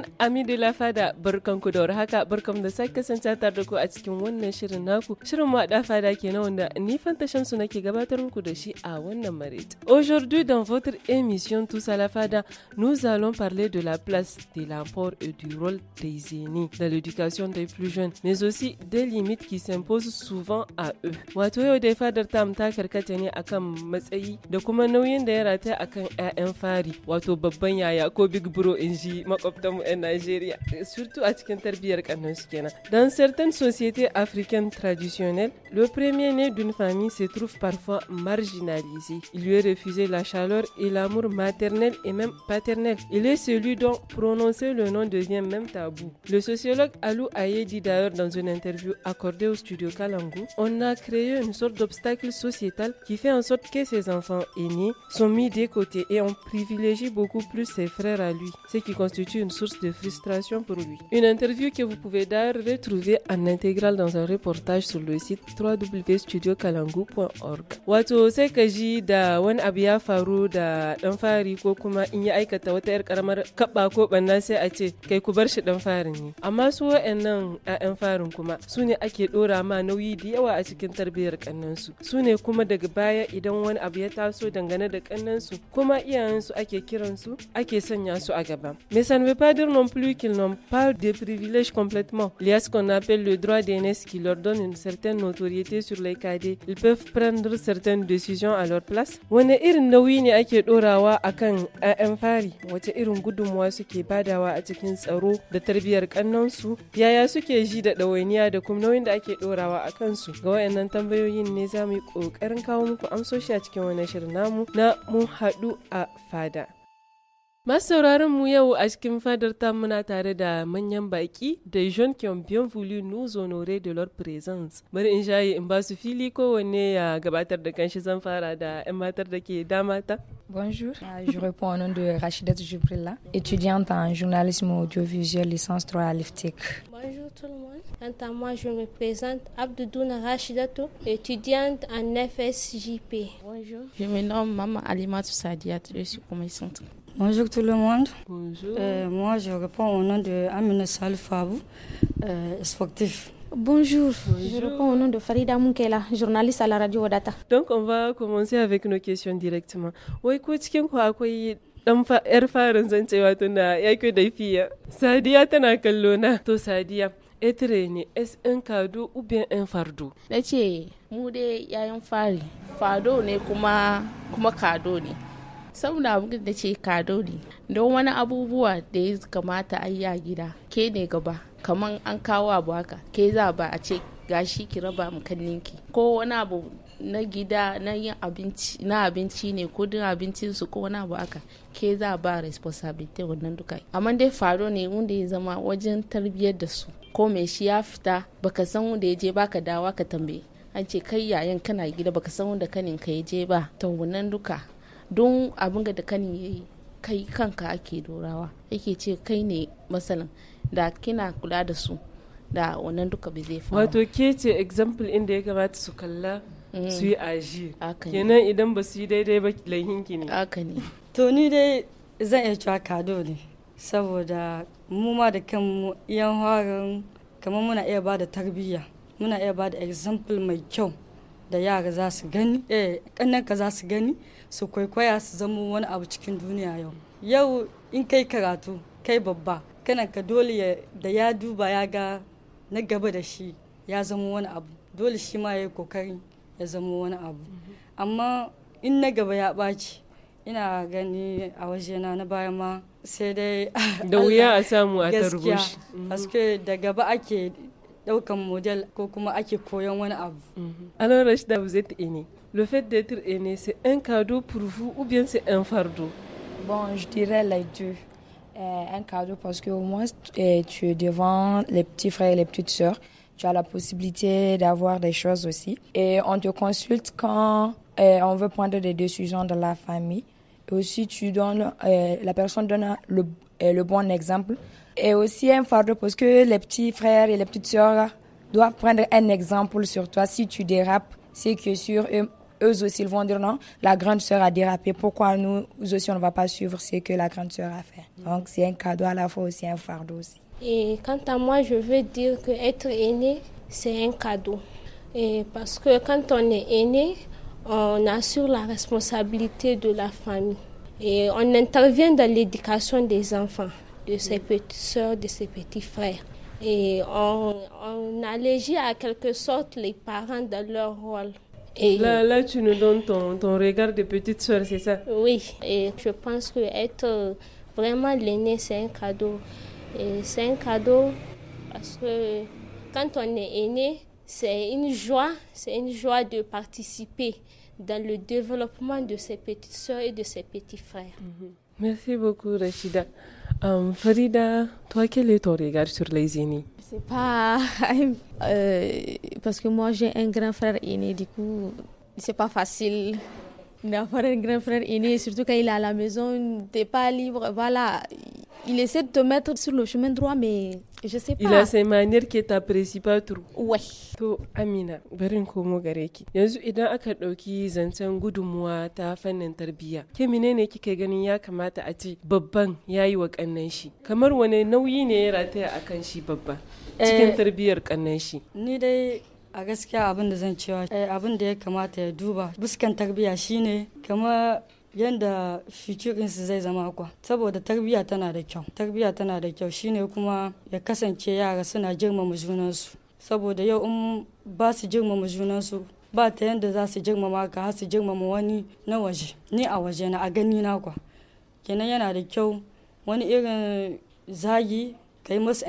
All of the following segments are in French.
wasn't Ami de la Fada barkanku da warhaka barkam da sake kasance tare da ku a cikin wannan shirin naku. Shirin Fada kenan wanda ni Fanta Shamsu nake gabatar muku da shi a wannan marit. Aujourd'hui dans votre émission Tous à la Fada, nous allons parler de la place de l'apport et du rôle des aînés dans l'éducation des plus jeunes, mais aussi des limites qui s'imposent souvent à eux. Wato yau dai fadar tam ta karkata ne akan matsayi da kuma nauyin da ya akan fari, wato babban yaya ko big bro in ji Nigeria, surtout Dans certaines sociétés africaines traditionnelles, le premier-né d'une famille se trouve parfois marginalisé. Il lui est refusé la chaleur et l'amour maternel et même paternel. Il est celui dont prononcer le nom devient même tabou. Le sociologue Alou Aye dit d'ailleurs dans une interview accordée au studio Kalangu, on a créé une sorte d'obstacle sociétal qui fait en sorte que ses enfants aînés sont mis de côté et on privilégie beaucoup plus ses frères à lui, ce qui constitue une source de frustration pour lui. Une interview que vous pouvez d'ailleurs retrouver en intégrale dans un reportage sur le site www.studiokalangu.org. Wato sai ka ji da wani abu ya faru da dan fari ko kuma in ya aikata wata yar karamar kaba ko banna sai a ce kai ku bar shi dan farin ne. Amma su wa'annan 'ya'yan farin kuma su ne ake dora ma nauyi da yawa a cikin tarbiyyar kannansu. Su ne kuma daga baya idan wani abu ya taso dangane da kannansu kuma iyayensu ake kiransu ake sanya su a gaba. Me san ne non plus qu'ils n'ont pas de privilèges complètement. Il y a ce qu'on appelle le droit d'aînesse qui leur donne une certaine notoriété sur les cadets. Ils peuvent prendre certaines décisions à leur place. Wane irin nauyi ne ake ɗorawa akan 'ya'yan fari? Wace irin gudunmuwa suke badawa a cikin tsaro da tarbiyyar ƙannansu Yaya suke ji da ɗawainiya da kuma nauyin da ake ɗorawa a kansu? Ga waɗannan tambayoyin ne za mu yi ƙoƙarin kawo muku amsoshi a cikin wannan shirin namu na mu haɗu a fada. sauraron mu yau a cikin fadar muna tare da manyan baki da John qui ont bien voulu nous honorer de leur présence. Bari in shayi in ba su fili kowanne ya gabatar da kanshi zan fara da 'yan matar da ke ta. Bonjour, ah, je réponds au nom de Rachidat Jibrilla, étudiante en journalisme audiovisuel licence 3 à l'IFTIC. E Bonjour tout le monde, quant à moi je me présente Abdoudouna Rachidatou, étudiante en FSJP. Bonjour, je me nomme Maman Alima Sadiat, je suis commissaire. Bonjour tout le monde. Bonjour. Euh, moi, je réponds au nom de Amina Salfabou, euh, sportif. Bonjour. Bonjour. je réponds au nom de Farida Munkela, journaliste à la radio Odata. Donc, on va commencer avec nos questions directement. Oui, cikin ku akwai dan yar farin zancewa tunda ya ke da fiya. Sadiya tana kallo na. To, Sadiya, etire ne, es un cadeau ou bien un fardeau? Na ce, mu dai yayin fari, Fardeau, ne kuma kuma cadeau ne. saboda abin da ce ne don wani abubuwa da ya kamata a yi a gida ke ne gaba kamar an kawo abu haka ke za ba a ce gashi ki raba kanninki ko wani abu na gida na yin abinci na abinci ne ko din abincin su ko wani abu haka ke za ba responsibility wannan duka amma dai faro ne wanda ya zama wajen tarbiyyar da su ko me shi ya fita baka san wanda ya je baka dawa ka tambaye an ce kai yayan kana gida baka san wanda kanin ka ya je ba to wannan duka don abin da kani ya yi kai kanka ake dorawa yake ce kai ne masalin da kina kula da su da wannan duka bai zai faru wato ke ce example inda ya kamata su kalla mm. su yi aji kenan idan ba su yi daidai ba lahinki ne haka ne to ni dai zan iya cewa kado ne saboda mu ma da kanmu yan harin kamar muna iya ba da tarbiyya muna iya ba da example mai kyau da yara za su gani eh kannan ka za su gani su kwaikwaya su zama wani abu cikin duniya yau yau in kai karatu kai babba kana ka dole da ya duba ya ga na gaba da shi ya zama wani abu dole shi ma ya yi kokari ya zama wani abu amma in na gaba ya ɓaci ina gani a wajena na baya ma sai dai da wuya a samu a tarbushi gaskiya mm-hmm. da gaba ake daukan model ko kuma ake koyon wani abu mm-hmm. alors rashida vous Le fait d'être aîné, c'est un cadeau pour vous ou bien c'est un fardeau Bon, je dirais les deux. Euh, un cadeau parce que au moins euh, tu es devant les petits frères et les petites sœurs. Tu as la possibilité d'avoir des choses aussi. Et on te consulte quand euh, on veut prendre des décisions dans la famille. Et aussi, tu donnes, la personne donne le, bon exemple. Et aussi un fardeau parce que les petits frères et les petites sœurs doivent prendre un exemple sur toi. Si tu dérapes, c'est que sur eux, eux aussi ils vont dire non, la grande sœur a dérapé, pourquoi nous aussi on ne va pas suivre ce que la grande sœur a fait. Donc c'est un cadeau à la fois aussi, un fardeau aussi. Et quant à moi, je veux dire que être aîné, c'est un cadeau. Et parce que quand on est aîné, on assure la responsabilité de la famille. Et on intervient dans l'éducation des enfants, de ses petites sœurs, de ses petits frères. Et on, on allégit à quelque sorte les parents dans leur rôle là, tu nous donnes ton, ton regard de petite soeur, c'est ça Oui, et je pense que être euh, vraiment l'aîné, c'est un cadeau. Et c'est un cadeau parce que quand on est aîné, c'est une joie, c'est une joie de participer dans le développement de ses petites soeurs et de ses petits frères. Mhm. Merci beaucoup, Rachida. Um, Farida, toi, quel est ton regard sur les aînés C'est pas. Euh, parce que moi, j'ai un grand frère aîné, du coup, c'est pas facile d'avoir un grand frère aîné, surtout quand il est à la maison, n'es pas libre. Voilà, il essaie de te mettre sur le chemin droit, mais Je sais pas. a sai manières qui ta pas trop. Ouais. To Amina, barin komo gare ki. Yanzu idan aka ɗauki zancen gudunmuwa ta fannin tarbiyya, ke menene kike ganin ya kamata a ce babban yayi wa kannan shi? Kamar wani nauyi ne ya rataya a kan shi babba cikin eh, tarbiyyar kannan shi? Ni dai a gaskiya abin da zan cewa eh, abin da ya kamata ya duba buskan tarbiyya shine kamar yanda su zai zama kwa saboda tarbiyya tana da kyau tarbiyya tana da kyau shine kuma ya kasance yara suna girmama junansu saboda yau in ba su girmama junansu ba ta yanda za su girmama ka har su girmama wani na waje ni a waje na a gani na kwa kenan yana da kyau wani irin zagi ka yi masu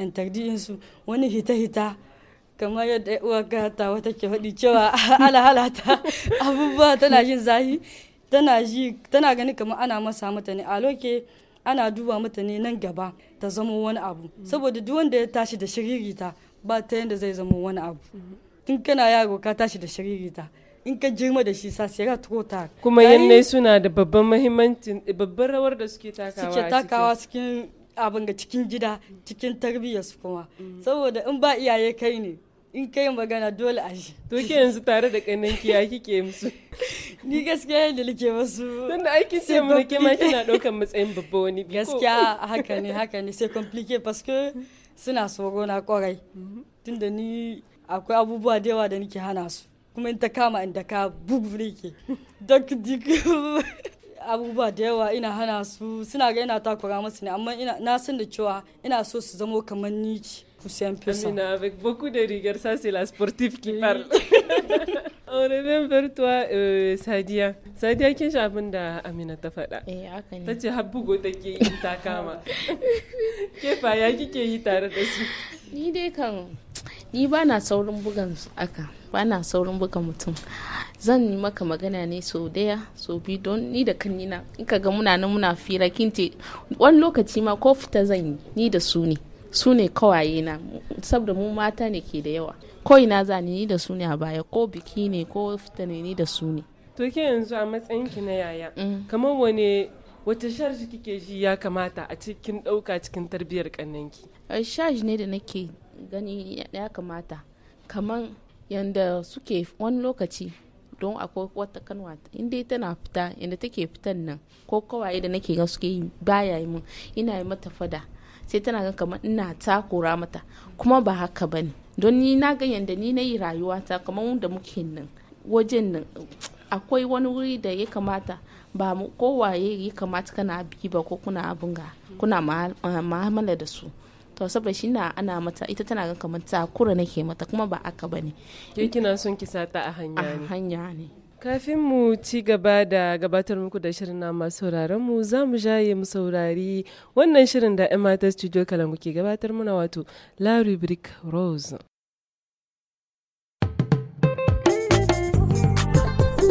su wani hita-hita kamar yadda uwa ta wata ke faɗi cewa alahalata abubuwa tana yin zahi tana ji tana gani kamar ana masa mata ne a loke ana duba mata ne nan gaba ta zama wani abu saboda duk wanda ya tashi da shiririta ba ta yanda zai zama wani abu tun kana yaro ka tashi da shiririta in ka girma da shi sa sai ka tuko ta kuma yanne suna da babban muhimmancin babbar rawar da suke takawa suke takawa cikin abin ga cikin gida cikin tarbiyyar su kuma saboda in ba iyaye kai ne in kai magana dole a shi to ke yanzu tare da kananki ya kike musu ni gaskiya yadda nake masu dan da aiki sai mu nake ma kina daukan matsayin babba wani gaskiya haka ne haka ne sai complique parce que suna tsoro na kwarai tunda ni akwai abubuwa da yawa da nake hana su kuma in ta kama in da ka bugu nake duk duk abubuwa da yawa ina hana su suna ga ina takura masu ne amma na san da cewa ina so su zamo kamar ni ku siyan fesa. Amina, avec beaucoup de rigueur, ça c'est la sportive qui parle. Auraren Bertuwa eh, Sadiya. Sadiya kin shi abin da Amina ta faɗa. Eh haka ne. Ta ce har bugo take yi ta kama. Ke fa ya kike yi tare da su? Ni dai kan ni ba na saurin bugan aka ba na saurin buga mutum. Zan yi maka magana ne sau daya sau biyu don ni da kan nina in ka ga muna nan muna fira kin ce wani lokaci ma ko fita zan yi ni da su ne. su ne kawaye na saboda mu mata ne ke da yawa ko ina za ni da su ne a baya ko biki ne ko fita ne ni da su ne to ke yanzu a matsayin ki na yaya mm. kamar wane wata sharji kike ji ya kamata a cikin ɗauka cikin tarbiyyar kannanki sharji ne da nake gani ya kamata kamar yanda suke wani lokaci don akwai wata kanwa in dai tana fita inda take fitan nan ko kawaye da nake ga suke baya yi mun ina yi mata fada sai tana ga kamar ina takura mata kuma ba haka ba ne don ni na ga yadda ni na yi rayuwata kamar wanda muke nan wajen nan akwai wani wuri da ya kamata ba kowaye ya kamata kana bi ba ko kuna abin ga kuna ma'amala da su to saboda shi na ana mata ita tana ga kamar takura nake mata kuma ba aka ne kina son ki sata a hanya a hanya ne Kafin mu ci gaba da gabatar muku da shirin na masu sauraron mu za mu jaye mu saurari wannan shirin da 'yan mata studio kalan kuke gabatar muna wato larry brick Rose.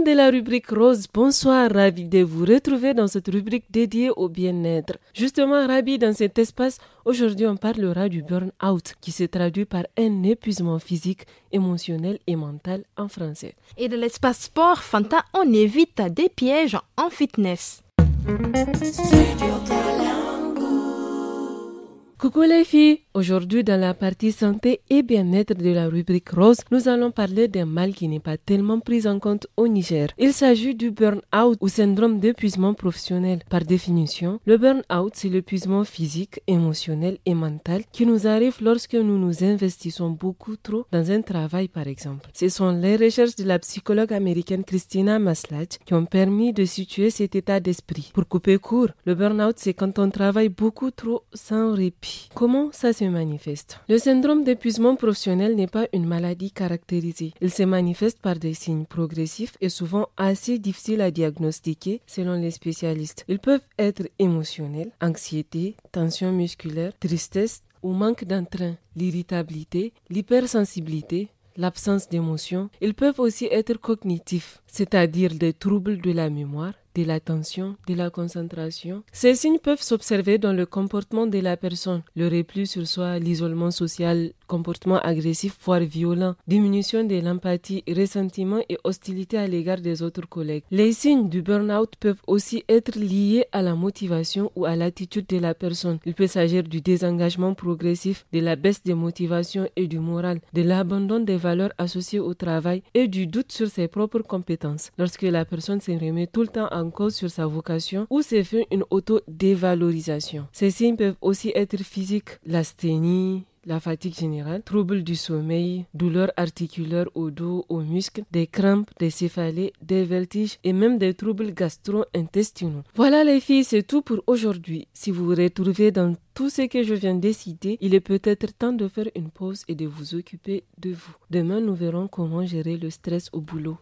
de la rubrique rose. Bonsoir, ravi de vous retrouver dans cette rubrique dédiée au bien-être. Justement, ravi dans cet espace, aujourd'hui on parlera du burn-out qui se traduit par un épuisement physique, émotionnel et mental en français. Et de l'espace sport, Fanta, on évite des pièges en fitness. Coucou les filles Aujourd'hui, dans la partie santé et bien-être de la rubrique rose, nous allons parler d'un mal qui n'est pas tellement pris en compte au Niger. Il s'agit du burn-out ou syndrome d'épuisement professionnel. Par définition, le burn-out, c'est l'épuisement physique, émotionnel et mental qui nous arrive lorsque nous nous investissons beaucoup trop dans un travail, par exemple. Ce sont les recherches de la psychologue américaine Christina Maslach qui ont permis de situer cet état d'esprit. Pour couper court, le burn-out, c'est quand on travaille beaucoup trop sans répit. Comment ça manifeste. Le syndrome d'épuisement professionnel n'est pas une maladie caractérisée. Il se manifeste par des signes progressifs et souvent assez difficiles à diagnostiquer selon les spécialistes. Ils peuvent être émotionnels, anxiété, tension musculaire, tristesse ou manque d'entrain, l'irritabilité, l'hypersensibilité, l'absence d'émotion. Ils peuvent aussi être cognitifs c'est-à-dire des troubles de la mémoire, de l'attention, de la concentration. Ces signes peuvent s'observer dans le comportement de la personne, le repli sur soi, l'isolement social, comportement agressif voire violent, diminution de l'empathie, ressentiment et hostilité à l'égard des autres collègues. Les signes du burn-out peuvent aussi être liés à la motivation ou à l'attitude de la personne. Il peut s'agir du désengagement progressif, de la baisse des motivations et du moral, de l'abandon des valeurs associées au travail et du doute sur ses propres compétences Lorsque la personne se remet tout le temps en cause sur sa vocation ou se fait une auto-dévalorisation. Ces signes peuvent aussi être physiques, l'asthénie, la fatigue générale, troubles du sommeil, douleurs articulaires au dos, aux muscles, des crampes, des céphalées, des vertiges et même des troubles gastro-intestinaux. Voilà les filles, c'est tout pour aujourd'hui. Si vous vous retrouvez dans tout ce que je viens de citer, il est peut-être temps de faire une pause et de vous occuper de vous. Demain, nous verrons comment gérer le stress au boulot.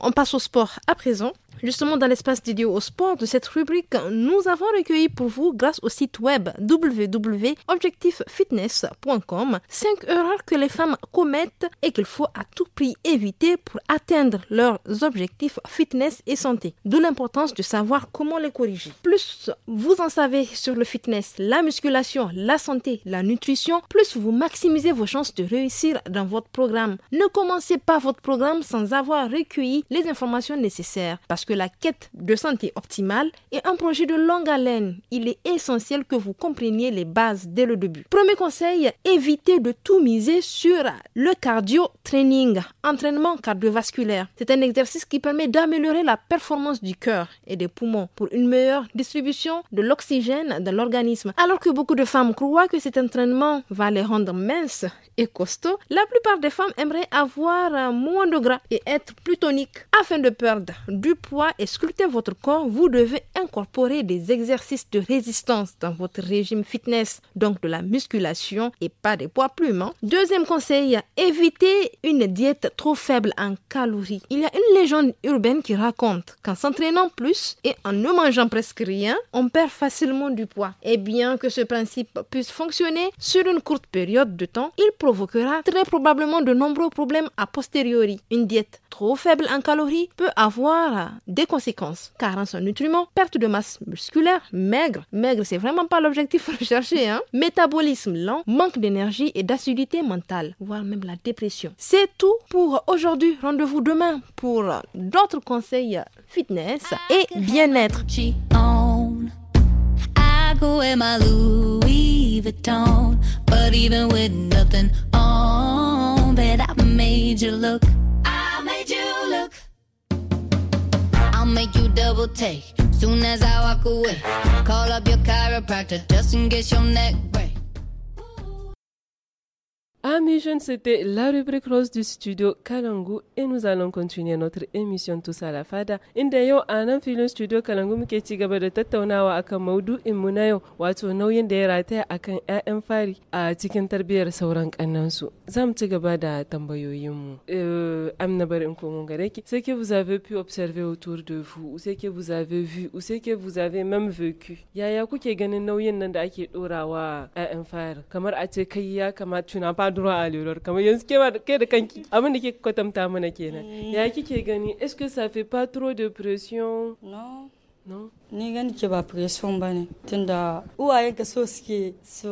On passe au sport à présent. Justement, dans l'espace dédié au sport de cette rubrique, nous avons recueilli pour vous, grâce au site web www.objectiffitness.com, 5 erreurs que les femmes commettent et qu'il faut à tout prix éviter pour atteindre leurs objectifs fitness et santé. D'où l'importance de savoir comment les corriger. Plus vous en savez sur le fitness, la musculation, la santé, la nutrition, plus vous maximisez vos chances de réussir dans votre programme. Ne commencez pas votre programme sans avoir recueilli les informations nécessaires parce que la quête de santé optimale est un projet de longue haleine. Il est essentiel que vous compreniez les bases dès le début. Premier conseil, évitez de tout miser sur le cardio training, entraînement cardiovasculaire. C'est un exercice qui permet d'améliorer la performance du cœur et des poumons pour une meilleure distribution de l'oxygène dans l'organisme. Alors que beaucoup de femmes croient que cet entraînement va les rendre minces et costauds, la plupart des femmes aimeraient avoir moins de gras et être plus toniques afin de perdre du poids et sculpter votre corps, vous devez incorporer des exercices de résistance dans votre régime fitness, donc de la musculation et pas des poids plumants. Hein. Deuxième conseil, évitez une diète trop faible en calories. Il y a une légende urbaine qui raconte qu'en s'entraînant plus et en ne mangeant presque rien, on perd facilement du poids. Et bien que ce principe puisse fonctionner sur une courte période de temps, il provoquera très probablement de nombreux problèmes a posteriori. Une diète trop faible en calories peut avoir des conséquences. Carence en nutriments, perte de masse musculaire, maigre. Maigre, c'est vraiment pas l'objectif recherché. Hein? Métabolisme lent, manque d'énergie et d'acidité mentale, voire même la dépression. C'est tout pour aujourd'hui. Rendez-vous demain pour d'autres conseils fitness et bien-être. make you double take. Soon as I walk away, call up your chiropractor just in case your neck breaks. Amis jeunes, c'était la rubrique rose du studio Kalangu et nous allons continuer notre émission Tous à la Fada. Inda yau a studio Kalangu muke ci gaba de tattaunawa akan maudu'in mu na yau wato nauyin da ya rataya akan fari a cikin tarbiyar sauran kannansu. Zam mu ci gaba da tambayoyinmu. Euh, Amna bari Ce que vous avez pu observer autour de vous, ou ce que vous avez vu, ou ce que vous avez même vécu. Yaya kuke ganin nauyin nan da ake fari? Kamar a ce kai ya kamata addu'a a l'erreur kamar yanzu ke kai da kanki abin da ke kwatanta mana kenan ya eh. kike gani est-ce que ça fait pas trop de pression non non. ni gani ke ba pression bane ne tunda uwayenka so suke so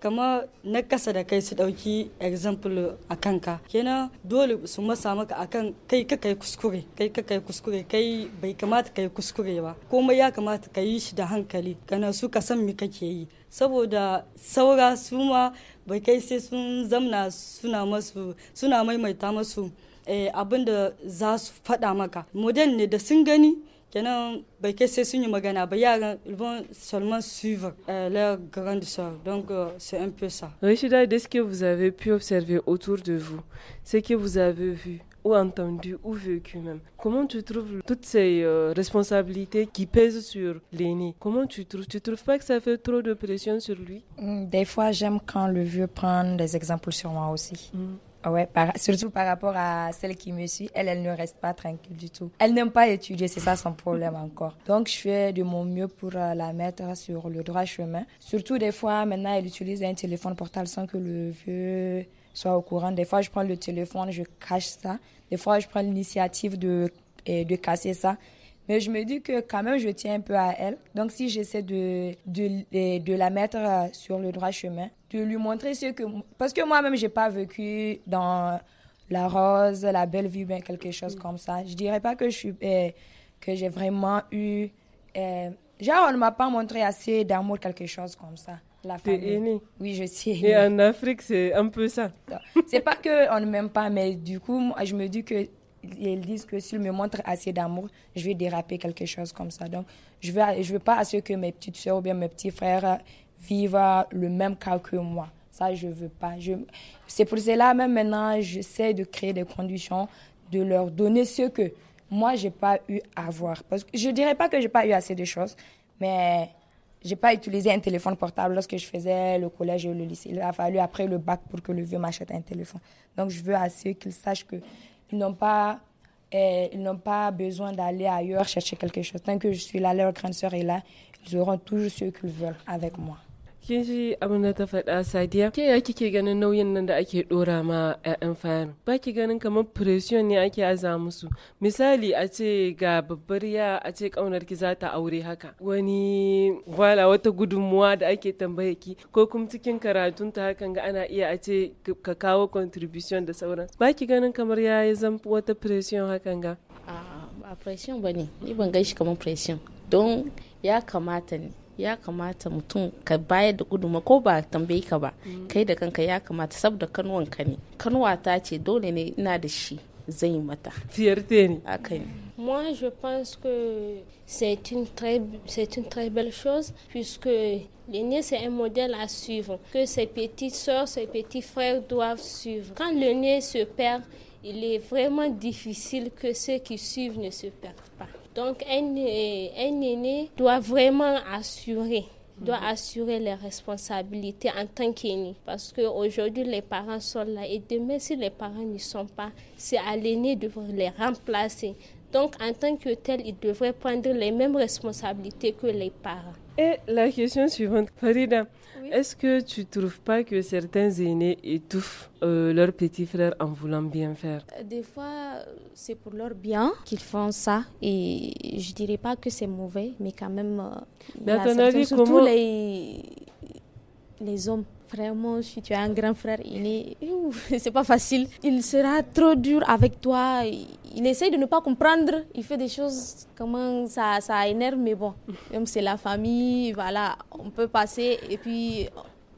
kama na kasa da kai su dauki example a kanka kenan dole su masa maka akan kai ka kai kuskure kai ka kai kuskure kai bai kamata kai kuskure ba komai ya kamata ka yi shi da hankali kana su ka san me kake yi saboda saura su ma bai kai sai sun zamna suna masu suna maimaita masu eh, abin da za su faɗa maka model ne da sun gani kenan bai kai sai sun yi magana ba yaran ils seulement suivre euh, leur grande soeur donc euh, c'est un peu ça Rachida de ce que vous avez pu observer autour de vous ce que vous avez vu ou entendu ou vécu même. Comment tu trouves toutes ces euh, responsabilités qui pèsent sur l'aîné Comment tu trouves Tu trouves pas que ça fait trop de pression sur lui hum, Des fois, j'aime quand le vieux prend des exemples sur moi aussi. Hum. Ah ouais, surtout par rapport à celle qui me suit, elle, elle ne reste pas tranquille du tout. Elle n'aime pas étudier, c'est ça son problème encore. Donc, je fais de mon mieux pour euh, la mettre sur le droit chemin. Surtout des fois, maintenant, elle utilise un téléphone portable sans que le vieux soit au courant. Des fois, je prends le téléphone, je cache ça. Des fois, je prends l'initiative de, de casser ça. Mais je me dis que quand même, je tiens un peu à elle. Donc, si j'essaie de, de, de, la mettre euh, sur le droit chemin, de lui montrer ce que. Parce que moi-même, j'ai pas vécu dans la rose, la belle vie, ben, quelque chose comme ça. Je dirais pas que je suis. Euh, que j'ai vraiment eu. Euh, genre, on ne m'a pas montré assez d'amour, quelque chose comme ça. La famille. Oui, je sais Et en Afrique, c'est un peu ça. C'est pas qu'on ne m'aime pas, mais du coup, je me dis que ils disent que s'ils me montrent assez d'amour, je vais déraper quelque chose comme ça. Donc, je veux, je veux pas assurer que mes petites soeurs ou bien mes petits frères vivent le même cas que moi. Ça, je veux pas. Je... C'est pour cela, même maintenant, j'essaie de créer des conditions, de leur donner ce que moi, j'ai pas eu à voir. Parce que je dirais pas que j'ai pas eu assez de choses, mais j'ai pas utilisé un téléphone portable lorsque je faisais le collège et le lycée. Il a fallu après le bac pour que le vieux m'achète un téléphone. Donc, je veux à ceux qu'ils sachent que ils n'ont pas, eh, ils n'ont pas besoin d'aller ailleurs chercher quelque chose. Tant que je suis là, leur grande sœur est là, ils auront toujours ce qu'ils veulent avec moi. kin shi abin da ta faɗa sadiya ke ya kike ganin nauyin nan da ake ɗora ma 'ya'yan fayar ba ki ganin kamar pression ne ake aza musu misali a ce ga babbar ya a ce ƙaunar ki za ta aure haka wani wala wata gudunmuwa da ake tambaye ki ko kuma cikin karatun ta hakan ga ana iya a ce ka kawo contribution da sauran ba ki ganin kamar ya yi zan wata pression hakan ga a ba pression ba ne ni ban gan shi kamar pression don ya kamata ne Moi, je pense que c'est une très, c'est une très belle chose puisque l'aîné, c'est un modèle à suivre, que ses petites soeurs, ses petits frères doivent suivre. Quand nez se perd, il est vraiment difficile que ceux qui suivent ne se perdent pas. Donc un, aîné doit vraiment assurer doit mhm. assurer les responsabilités en tant qu'aîné. Parce qu'aujourd'hui, les parents sont là et demain, si les parents n'y sont pas, c'est à l'aîné de les remplacer. Donc, en tant que tel, ils devraient prendre les mêmes responsabilités que les parents. Et la question suivante, Farida, est-ce que tu ne trouves pas que certains aînés étouffent euh, leurs petits frères en voulant bien faire euh, Des fois, c'est pour leur bien qu'ils font ça et je ne dirais pas que c'est mauvais, mais quand même, euh, ton surtout comment... les, les hommes vraiment, si tu as un grand frère il est c'est pas facile. Il sera trop dur avec toi. Il essaye de ne pas comprendre. Il fait des choses, comment ça, ça énerve, mais bon, même c'est la famille, voilà, on peut passer et puis.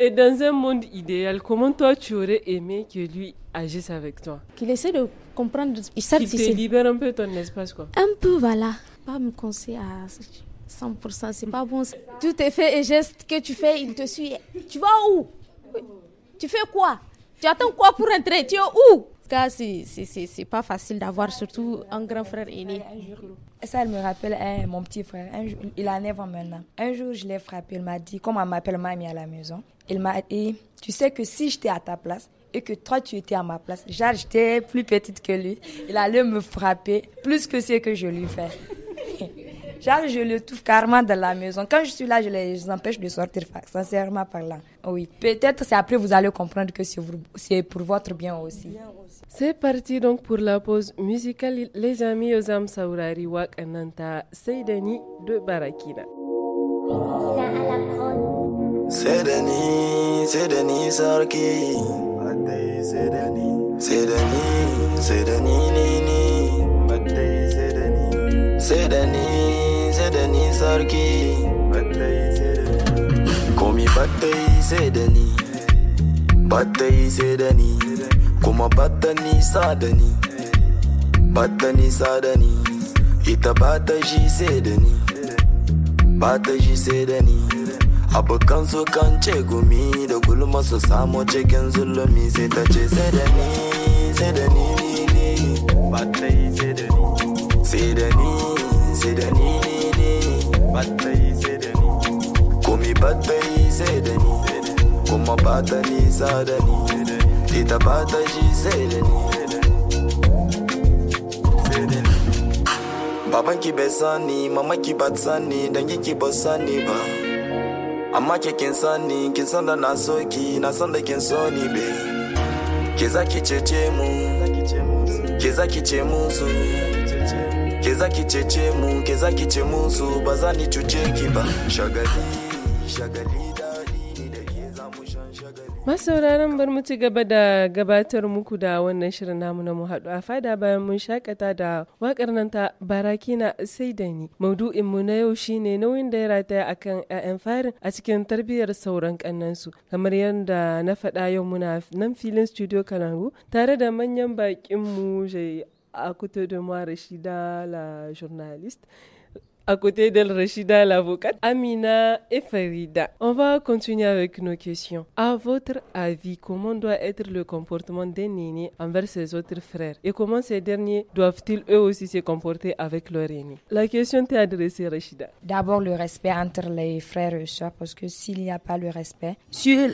Et dans un monde idéal, comment toi tu aurais aimé que lui agisse avec toi Qu'il essaie de comprendre. Il Qu'il te libère un peu ton espace, quoi. Un peu, voilà. Pas me conseiller à 100%, c'est pas bon. Tout est fait et geste que tu fais, il te suit. Tu vas où tu fais quoi Tu attends quoi pour entrer Tu es où c'est pas facile d'avoir surtout un grand frère aîné. Ça, elle me rappelle hein, mon petit frère. il a 9 ans maintenant. Un jour, je l'ai frappé. Il m'a dit, comme m'appelle mamie à la maison, il m'a dit, eh, tu sais que si j'étais à ta place et que toi, tu étais à ma place, j'étais plus petite que lui, il allait me frapper plus que ce que je lui fais. je le trouve carrément dans la maison. Quand je suis là, je les empêche de sortir, sincèrement parlant. Oui, peut-être c'est après vous allez comprendre que c'est pour votre bien aussi. C'est parti donc pour la pause musicale. Les amis, Osam Saurari Ananta, Seydani de Barakina. Seydani, Seydani Sarki. Seydani, Seydani, Seydani Nini. Seydani. ni sarki komi batta yi sai da ni batta kuma batani nisa da ni batta nisa ita bataji shi sai da ni bata shi sai da ni abokan su kan ce gumi da gulma su samu cikin zulumi sai ta ce sai da ni sai da ni sai da ni sai da ni Zedani, bad boy Zedani. Call me bad boy Zedani. Come my bad boy Zedani. Ita bad boy Zedani. baban ki besani, mama ki ba dengi ki ba ba amma ke kin sani na so na san da kin so ni be ke ki cece mu ki ce ke zaki mu ke zaki ce musu ba cuce ki ba shagali shagali Masauraran bar mu ci gaba da gabatar muku da wannan shirin namu na mu haɗu a fada bayan mun shakata da wakar nan ta barakina sai da ni. Maudu'in mu na yau shine nauyin da ya rataya a kan 'ya'yan farin a cikin tarbiyyar sauran kannansu. Kamar yadda na faɗa yau muna nan filin studio Kalangu tare da manyan bakin mu À côté de moi, Reshida, la journaliste à côté de Rachida, l'avocate, Amina et Farida. On va continuer avec nos questions. À votre avis, comment doit être le comportement des nini envers ses autres frères et comment ces derniers doivent-ils eux aussi se comporter avec leur aîné La question est adressée, Rachida. D'abord, le respect entre les frères et soeurs, parce que s'il n'y a pas le respect, si euh,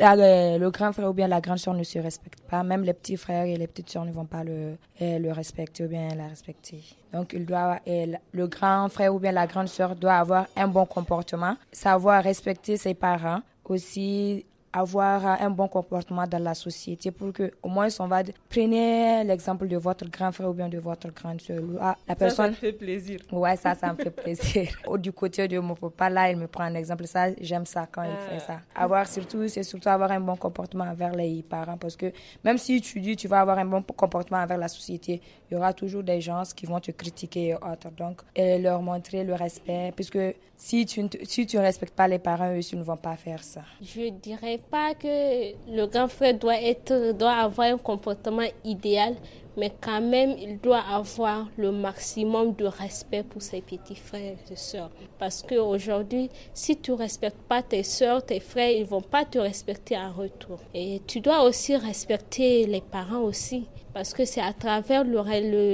le grand frère ou bien la grande soeur ne se respecte pas, même les petits frères et les petites soeurs ne vont pas le, euh, le respecter ou bien la respecter. Donc, il doit, euh, le grand frère ou bien la grande soeur doit avoir un bon comportement, savoir respecter ses parents, aussi avoir un bon comportement dans la société pour que au moins on va prenez l'exemple de votre grand frère ou bien de votre grande soeur ah, la personne ça, ça fait plaisir ouais ça ça me fait plaisir du côté de mon papa là il me prend un exemple ça j'aime ça quand il fait ah. ça avoir surtout c'est surtout avoir un bon comportement envers les parents parce que même si tu dis tu vas avoir un bon comportement envers la société il y aura toujours des gens qui vont te critiquer et autres donc et leur montrer le respect puisque si tu si tu ne respectes pas les parents eux ils ne vont pas faire ça je dirais pas que le grand frère doit, être, doit avoir un comportement idéal, mais quand même, il doit avoir le maximum de respect pour ses petits frères et sœurs. Parce qu'aujourd'hui, si tu respectes pas tes sœurs, tes frères, ils vont pas te respecter en retour. Et tu dois aussi respecter les parents aussi. Parce que c'est à travers le,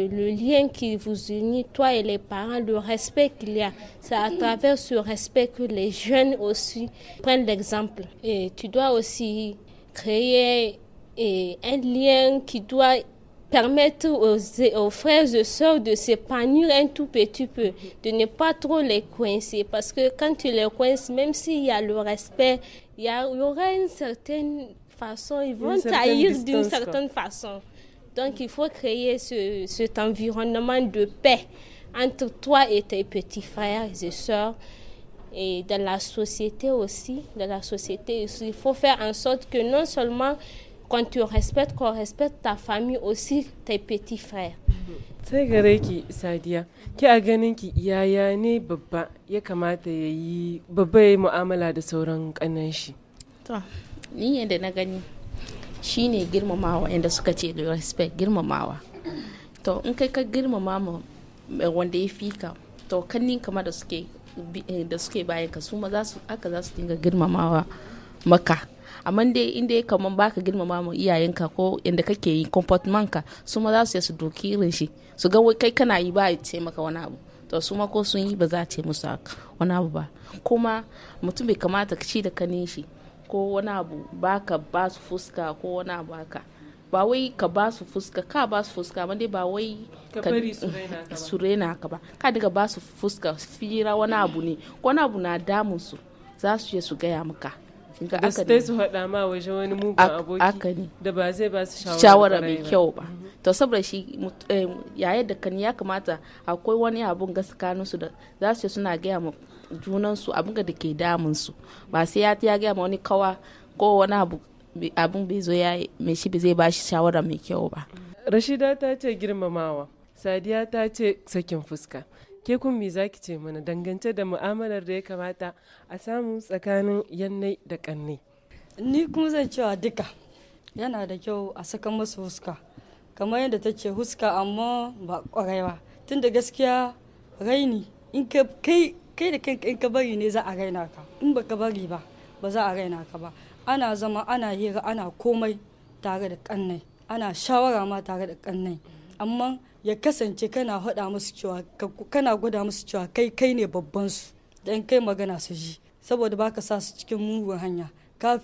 le, lien qui vous unit, toi et les parents, le respect qu'il y a. C'est à travers ce respect que les jeunes aussi prennent l'exemple. Et tu dois aussi créer un lien qui doit permettre aux, frères et sœurs de s'épanouir un tout petit peu, de ne pas trop les coincer. Parce que quand tu les coinces, même s'il y a le respect, il y, aura une certaine façon, ils vont taillir d'une certaine façon. Donc il faut créer ce, cet environnement de paix entre toi et tes petits frères et sœurs et dans la société aussi, dans la société aussi. Il faut faire en sorte que non seulement qu'on te respecte, qu'on respecte ta famille aussi, tes petits frères. sai gare ki sadiya ki a ganin ki yaya ne babba ya kamata ya yi babba ya yi mu'amala da sauran kanan shi to ni yadda na gani shine girmamawa yadda suka ce respect girmamawa to in kai ka girmama wanda ya fi ka to kannin kama da suke eh, da suke bayan ka su ma za su aka za su dinga girmamawa maka amma dai inda ba baka girmama mu iyayenka ko inda kake yi comportment ka su ma za su su doki irin shi su ga kai kana yi ba a ce maka wani abu to su ma ko sun yi ba za a ce musu wani abu ba kuma mutum bai kamata ka ci da kanin shi ko wani abu baka ba su fuska ko wani abu haka ba wai ka ba su fuska ka ba su fuska amma dai ba wai ka bari su rena ka ba ka daga ba su fuska fira wani abu ne wani abu na damun su za su je su gaya maka kinga aka ne su haɗa ma waje wani mugun aboki da ba zai ba su shawara mai kyau ba mhm. to saboda shi eh, yayin da kani ya kamata akwai wani abun gaskanin su da za su suna gaya ma junansu abun da ke damun su ba sai ya ya gaya ma wani kawa ko wani abu abun bai zo ya mai shi bai zai ba shi shawara mai kyau ba rashida ta ce girmamawa sadiya ta ce sakin fuska ke kun me zaki ce mana dangance da mu'amalar da ya kamata a samu tsakanin yannai da kanne ni kuma zan cewa duka yana da kyau a saka masu huska kamar yadda ta ce huska amma ba kwarai ba tun da gaskiya raini in ka kai kai da kanka in ka bari ne za a raina ka in baka bari ba ba za a raina ka ba ana zama ana hira ana komai tare da kannai ana shawara ma tare da kannai amma ya kasance kana hada musu cewa kana gwada musu cewa kai kai ne babban su dan kai magana su ji saboda baka sa su cikin mugun hanya ka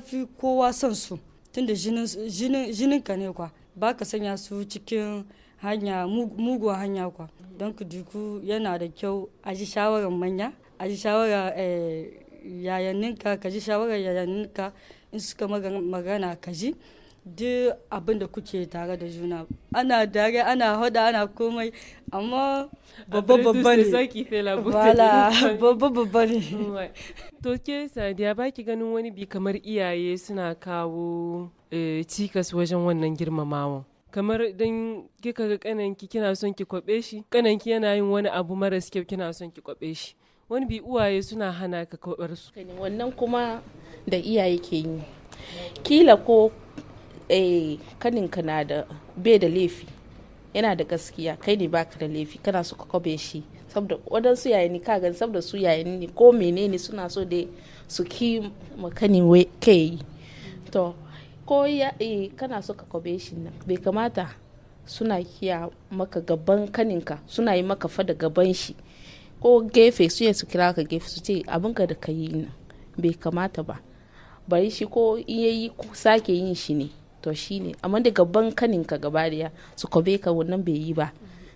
fi kowa son su tunda jinin ka ne kwa baka sanya su cikin hanya mugun hanya kwa don ku duku yana da kyau a ji shawaran manya a ji eh, yayanninka ka ji shawarar yayanninka in suka magana ka ji duk abin da kuke tare da juna ana dare ana hoda ana komai amma babba babba ne wala babba babba ne to ke sadiya baki ganin wani bi kamar iyaye suna kawo eh, cikas wajen wannan girmamawan kamar don kika ga kananki kina son ki kwabe shi kananki yana yin wani abu maras kyau kina son ki kwabe shi wani bi uwaye suna hana ka kwabar su wannan kuma da iyaye ke yi kila ko eh kaninka na da bai da laifi yana da gaskiya kai ne baka da laifi kana so ka kobe shi saboda wadansu yayani ka gani saboda su yayani ne ko menene suna so da su ki makani kai to ko ya eh, kana so ka kobe shi nan bai kamata suna kiya maka gaban kaninka suna yi maka fada gaban shi ko gefe su su kira ka gefe su ce abinka da ka yi bai kamata ba bari shi ko iya yi sake yin shi ne to shi ne amma da gaban kanin ka gaba daya su kobe ka wannan bai yi ba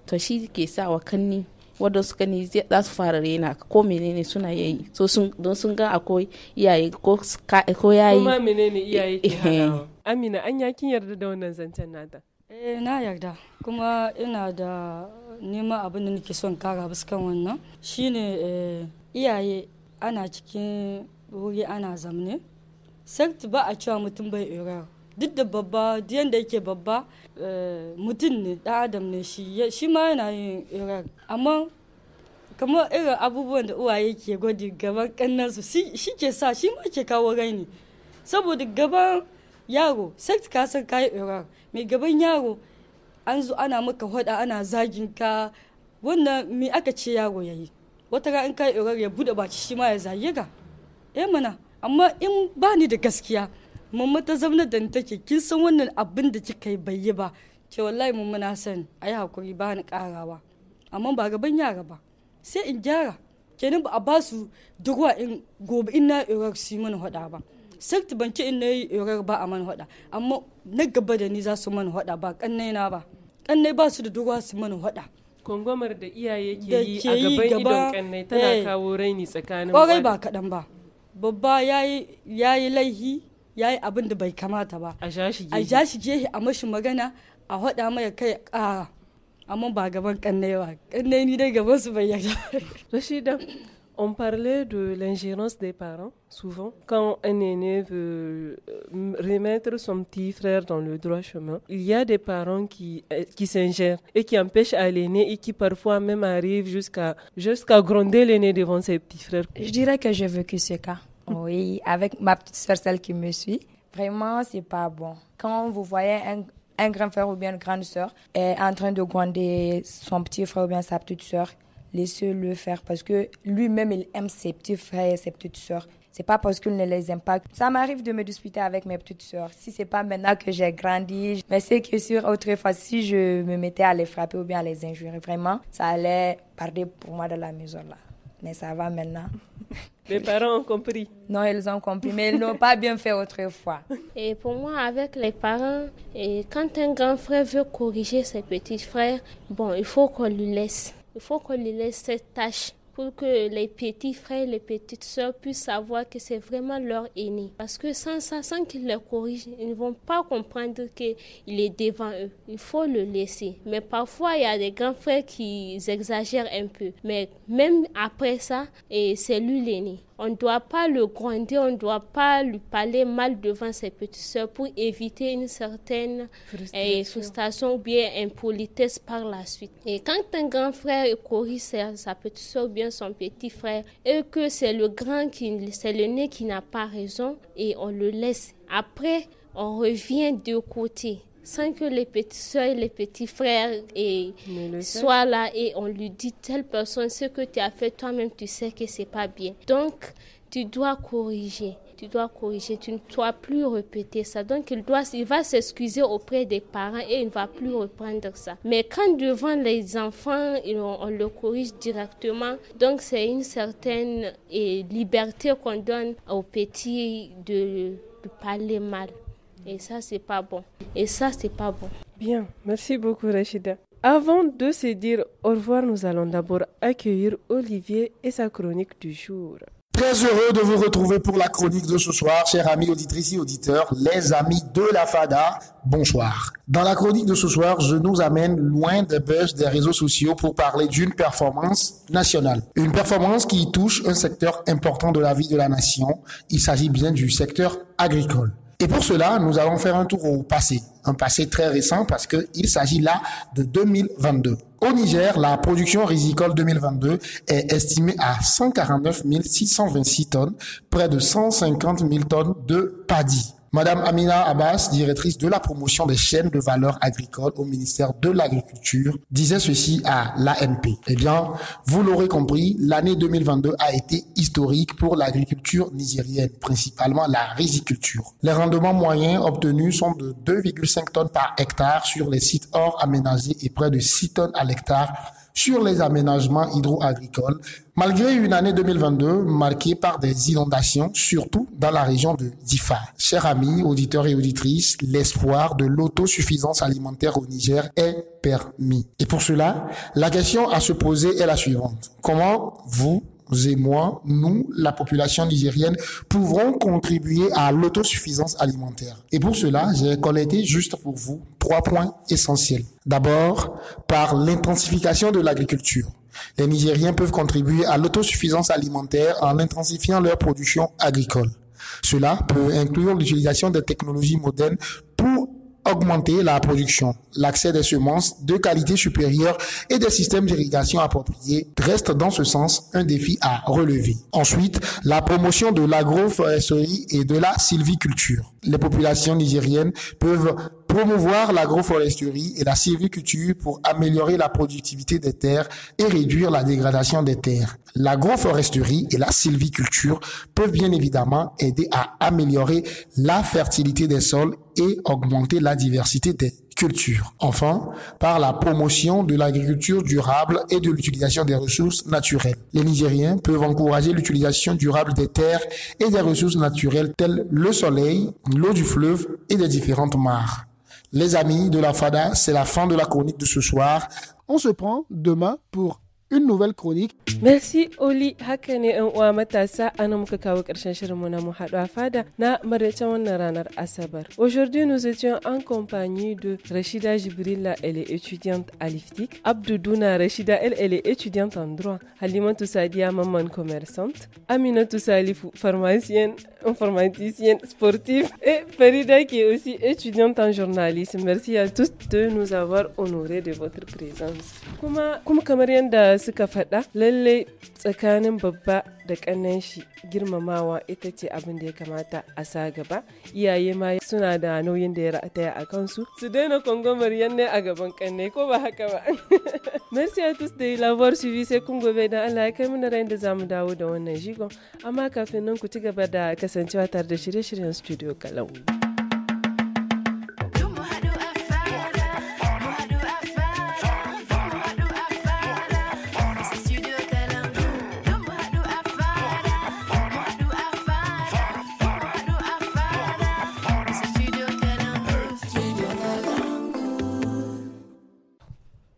to shi ke sa wa kanni wadda su kani za su fara rena ko menene suna yayi so don sun ga akwai iyaye ko yayi kuma menene iyaye ke eh, eh. amina an yakin yarda da wannan zancen nata eh na yarda kuma ina da neman abin da nake son kara kan wannan shine eh, iyaye ana cikin wuri ana zamne Sarki ba a cewa mutum bai irar duk da babba yadda yake babba eh, mutum ne da adam ne shi ma yana yin irar amma kamar irin abubuwan da uwaye ke gwadi gaban kannansu shi ke sa shi ma ke kawo raini saboda gaban yaro sai ka san kayi irar mai gaban yaro an zo ana maka hoda ana zagin ka wannan mai aka ce yaro ya yi wata ra in kayi irar ya bude ba shi ma ya zage ga eh mana amma in bani da gaskiya mamma ta zamna da take kin san wannan abin da kika yi bai yi ba ke wallahi mun muna san a yi hakuri ba ni karawa amma ba gaban yara ba sai in gyara kenan ba a ba su duruwa in gobe in na irar su yi mana hada ba sakta ban ce in na yi irar ba a mana hada amma na gaba da ni za su mana hada ba kannai na ba kannai ba su da duruwa su mana hada kongomar da iyaye ke yi a gaban idon kannai tana eh. kawo raini tsakanin kwarai ba kaɗan ba babba ya yi laihi On parlait de l'ingérence des parents, souvent. Quand un aîné veut euh, remettre son petit frère dans le droit chemin, il y a des parents qui, euh, qui s'ingèrent et qui empêchent à l'aîné et qui parfois même arrivent jusqu'à jusqu'à gronder l'aîné devant ses petits frères. Je dirais que j'ai vécu ce cas. Oui, avec ma petite soeur, celle qui me suit. Vraiment, c'est pas bon. Quand vous voyez un, grand frère ou bien une grande sœur est en train de gronder son petit frère ou bien sa petite sœur, laissez-le faire parce que lui-même, il aime ses petits frères et ses petites sœurs. C'est pas parce qu'il ne les aime pas. Ça m'arrive de me disputer avec mes petites soeurs. Si c'est pas maintenant que j'ai grandi, mais c'est que sur autrefois, si je me mettais à les frapper ou bien à les injurer, vraiment, ça allait parler pour moi de la maison là. Mais ça va maintenant. Les parents ont compris. Non, ils ont compris, mais ils n'ont pas bien fait autrefois. Et pour moi, avec les parents, et quand un grand frère veut corriger ses petits frères, bon, il faut qu'on lui laisse. Il faut qu'on lui laisse cette tâche pour que les petits frères, et les petites sœurs puissent savoir que c'est vraiment leur aîné. Parce que sans ça, sans qu'ils le corrigent, ils ne vont pas comprendre qu'il est devant eux. Il faut le laisser. Mais parfois, il y a des grands frères qui exagèrent un peu. Mais même après ça, c'est lui l'aîné. On ne doit pas le gronder, on ne doit pas lui parler mal devant ses petites sœurs pour éviter une certaine eh, frustration, ou bien impolitesse par la suite. Et quand un grand frère corrige sa, petite sœur, son petit frère et que c'est le grand qui, c'est le nez qui n'a pas raison et on le laisse. Après, on revient de côté sans que les petits soeurs, les petits frères et soient là et on lui dit telle personne ce que tu as fait toi-même tu sais que c'est pas bien donc tu dois corriger tu dois corriger, tu ne dois plus répéter ça. Donc il, doit, il va s'excuser auprès des parents et il ne va plus reprendre ça. Mais quand devant les enfants, on, le corrige directement, donc c'est une certaine liberté qu'on donne aux petits de, de parler mal. Et ça, c'est pas bon. Et ça, c'est pas bon. Bien, merci beaucoup, Rachida. Avant de se dire au revoir, nous allons d'abord accueillir Olivier et sa chronique du jour. Très heureux de vous retrouver pour la chronique de ce soir, chers amis auditrices et auditeurs, les amis de la FADA, bonsoir. Dans la chronique de ce soir, je nous amène loin des buzz des réseaux sociaux pour parler d'une performance nationale. Une performance qui touche un secteur important de la vie de la nation. Il s'agit bien du secteur agricole. Et pour cela, nous allons faire un tour au passé, un passé très récent parce qu'il s'agit là de 2022. Au Niger, la production rizicole 2022 est estimée à 149 626 tonnes, près de 150 000 tonnes de paddy. Madame Amina Abbas, directrice de la promotion des chaînes de valeur agricole au ministère de l'Agriculture, disait ceci à l'AMP. Eh bien, vous l'aurez compris, l'année 2022 a été historique pour l'agriculture nigérienne, principalement la riziculture. Les rendements moyens obtenus sont de 2,5 tonnes par hectare sur les sites or aménagés et près de 6 tonnes à l'hectare sur les aménagements hydro-agricoles, malgré une année 2022 marquée par des inondations, surtout dans la région de Difa. Chers amis, auditeurs et auditrices, l'espoir de l'autosuffisance alimentaire au Niger est permis. Et pour cela, la question à se poser est la suivante. Comment vous et moi, nous, la population nigérienne, pouvons contribuer à l'autosuffisance alimentaire. Et pour cela, j'ai collecté juste pour vous trois points essentiels. D'abord, par l'intensification de l'agriculture. Les Nigériens peuvent contribuer à l'autosuffisance alimentaire en intensifiant leur production agricole. Cela peut inclure l'utilisation des technologies modernes pour augmenter la production, l'accès des semences de qualité supérieure et des systèmes d'irrigation appropriés reste dans ce sens un défi à relever. Ensuite, la promotion de l'agroforesterie et de la sylviculture. Les populations nigériennes peuvent promouvoir l'agroforesterie et la sylviculture pour améliorer la productivité des terres et réduire la dégradation des terres. L'agroforesterie et la sylviculture peuvent bien évidemment aider à améliorer la fertilité des sols et augmenter la diversité des cultures. Enfin, par la promotion de l'agriculture durable et de l'utilisation des ressources naturelles. Les Nigériens peuvent encourager l'utilisation durable des terres et des ressources naturelles telles le soleil, l'eau du fleuve et des différentes mares. Les amis de la FADA, c'est la fin de la chronique de ce soir. On se prend demain pour une nouvelle chronique. Merci Oli Hakane en matasa muka kawo karshen na mu fada na wannan ranar Asabar. Aujourd'hui nous étions en compagnie de Rachida Jibrilla elle est étudiante à l'IFTIC, Abdou Douna Rachida elle, est étudiante en droit, Halima Tousadia, maman commerçante, Aminatou Salifou pharmacienne informaticienne sportive, et Farida qui est aussi étudiante en journalisme. Merci à tous de nous avoir honorés de votre présence. Comme kuma de tsakanin babba da ƙannen shi girmamawa ita ce abin da ya kamata a sa gaba iyaye ma suna da nauyin da ya rataya a kansu su daina kwangomar yanne a gaban ƙanne ko ba haka ba merci a tous da labar su sai kun gobe dan Allah ya kai mana rain da zamu dawo da wannan jigon amma kafin nan ku ci gaba da kasancewa tare da shirye-shiryen studio kalangu.